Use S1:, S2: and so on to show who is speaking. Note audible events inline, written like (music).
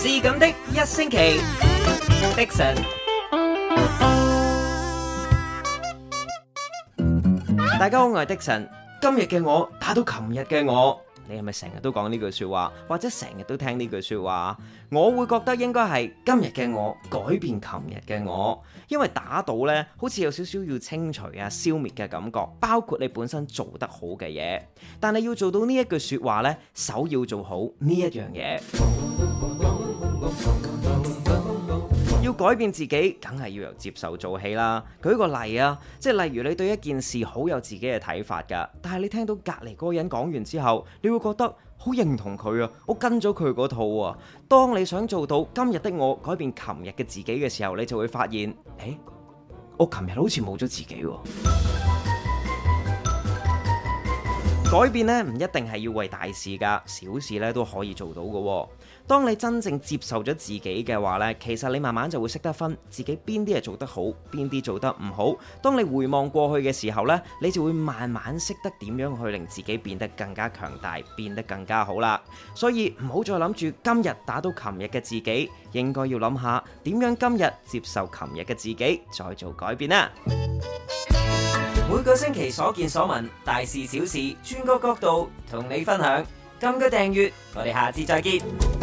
S1: 是咁的一星期，迪神， (music) 大家好，我係迪神。今日嘅我打到琴日嘅我，你係咪成日都講呢句說話，或者成日都聽呢句說話？我會覺得應該係今日嘅我改變琴日嘅我，因為打到呢好似有少少要清除啊、消滅嘅感覺，包括你本身做得好嘅嘢。但係要做到呢一句說話呢，首要做好呢一樣嘢。改變自己，梗係要由接受做起啦。舉個例啊，即係例如你對一件事好有自己嘅睇法噶，但係你聽到隔籬嗰個人講完之後，你會覺得好認同佢啊，我跟咗佢嗰套啊。當你想做到今日的我改變琴日嘅自己嘅時候，你就會發現，誒，我琴日好似冇咗自己啊。改變咧唔一定係要為大事噶，小事咧都可以做到噶。當你真正接受咗自己嘅話咧，其實你慢慢就會識得分自己邊啲係做得好，邊啲做得唔好。當你回望過去嘅時候咧，你就會慢慢識得點樣去令自己變得更加強大，變得更加好啦。所以唔好再諗住今日打到琴日嘅自己，應該要諗下點樣今日接受琴日嘅自己，再做改變呢。每個星期所見所聞，大事小事，轉個角度同你分享。撳個訂閱，我哋下次再見。